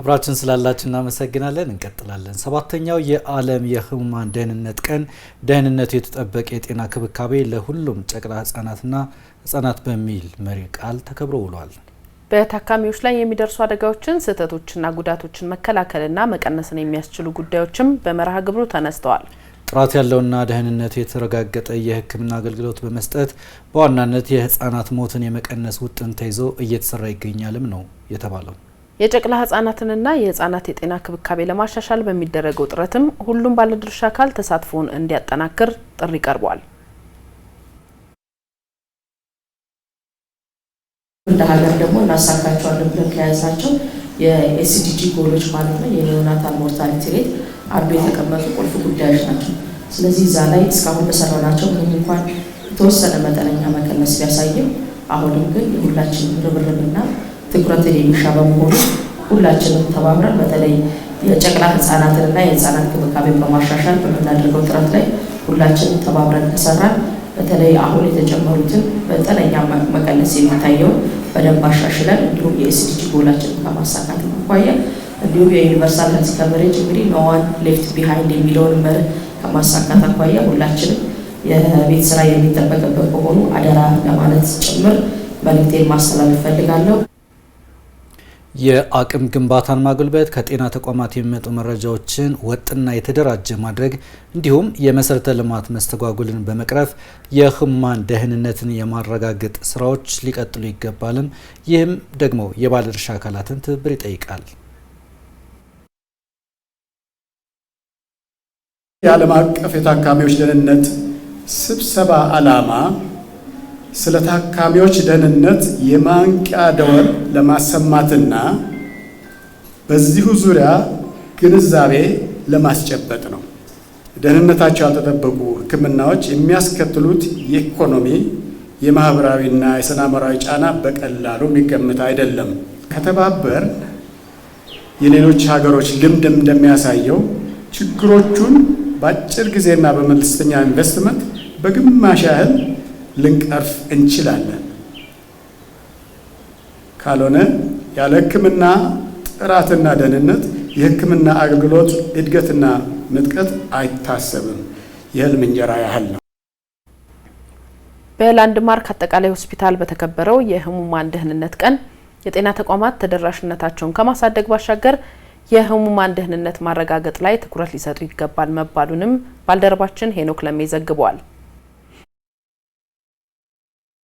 አብራችን ስላላችን እናመሰግናለን። እንቀጥላለን። ሰባተኛው የዓለም የህሙማን ደህንነት ቀን ደህንነቱ የተጠበቀ የጤና ክብካቤ ለሁሉም ጨቅላ ህጻናትና ህጻናት በሚል መሪ ቃል ተከብሮ ውሏል። በታካሚዎች ላይ የሚደርሱ አደጋዎችን፣ ስህተቶችና ጉዳቶችን መከላከልና መቀነስን የሚያስችሉ ጉዳዮችም በመርሃ ግብሩ ተነስተዋል። ጥራት ያለውና ደህንነቱ የተረጋገጠ የህክምና አገልግሎት በመስጠት በዋናነት የህጻናት ሞትን የመቀነስ ውጥን ተይዞ እየተሰራ ይገኛልም ነው የተባለው። የጨቅላ ህጻናትንና የህጻናት የጤና ክብካቤ ለማሻሻል በሚደረገው ጥረትም ሁሉም ባለድርሻ አካል ተሳትፎውን እንዲያጠናክር ጥሪ ቀርቧል። እንደ ሀገር ደግሞ እናሳካቸዋለን ብለን ከያዛቸው የኤስዲጂ ጎሎች ማለት ነው የኒዮናታል ሞርታሊቲ ሬት አሉ የተቀመጡ ቁልፍ ጉዳዮች ናቸው። ስለዚህ እዛ ላይ እስካሁን በሰራናቸው ምንም እንኳን የተወሰነ መጠነኛ መቀነስ ቢያሳይም አሁንም ግን የሁላችንም ርብርብና ትኩረትን የሚሻ በመሆኑ ሁላችንም ተባብረን በተለይ የጨቅላ ህፃናትንና የህፃናት ክብካቤ በማሻሻል በምናደርገው ጥረት ላይ ሁላችንም ተባብረን ከሰራን በተለይ አሁን የተጨመሩትን በጠነኛ መቀነስ የሚታየው በደንብ አሻሽለን እንዲሁም የኤስዲጂ ጎላችን ከማሳካት አኳያ እንዲሁም የዩኒቨርሳል ሄልዝ ከቨሬጅ እንግዲህ ኖ ሌፍት ቢሃይንድ የሚለውን መርህ ከማሳካት አኳያ ሁላችንም የቤት ስራ የሚጠበቅበት በሆኑ አደራ ለማለት ጭምር መልእክቴን ማስተላለፍ እፈልጋለሁ። የአቅም ግንባታን ማጉልበት፣ ከጤና ተቋማት የሚመጡ መረጃዎችን ወጥና የተደራጀ ማድረግ እንዲሁም የመሰረተ ልማት መስተጓጉልን በመቅረፍ የህሙማን ደህንነትን የማረጋገጥ ስራዎች ሊቀጥሉ ይገባልም። ይህም ደግሞ የባለድርሻ አካላትን ትብብር ይጠይቃል። የዓለም አቀፍ የታካሚዎች ደህንነት ስብሰባ ዓላማ ስለ ታካሚዎች ደህንነት የማንቂያ ደወል ለማሰማትና በዚሁ ዙሪያ ግንዛቤ ለማስጨበጥ ነው። ደህንነታቸው ያልተጠበቁ ሕክምናዎች የሚያስከትሉት የኢኮኖሚ የማህበራዊና የሰላማዊ ጫና በቀላሉ የሚገመት አይደለም። ከተባበር የሌሎች ሀገሮች ልምድ እንደሚያሳየው ችግሮቹን በአጭር ጊዜና በመለስተኛ ኢንቨስትመንት በግማሽ ያህል ልንቀርፍ እንችላለን። ካልሆነ ያለ ሕክምና ጥራትና ደህንነት የሕክምና አገልግሎት እድገትና ምጥቀት አይታሰብም። የህልም እንጀራ ያህል ነው። በላንድማርክ አጠቃላይ ሆስፒታል በተከበረው የህሙማን ደህንነት ቀን የጤና ተቋማት ተደራሽነታቸውን ከማሳደግ ባሻገር የህሙማን ደህንነት ማረጋገጥ ላይ ትኩረት ሊሰጡ ይገባል መባሉንም ባልደረባችን ሄኖክ ለሜ ዘግቧል።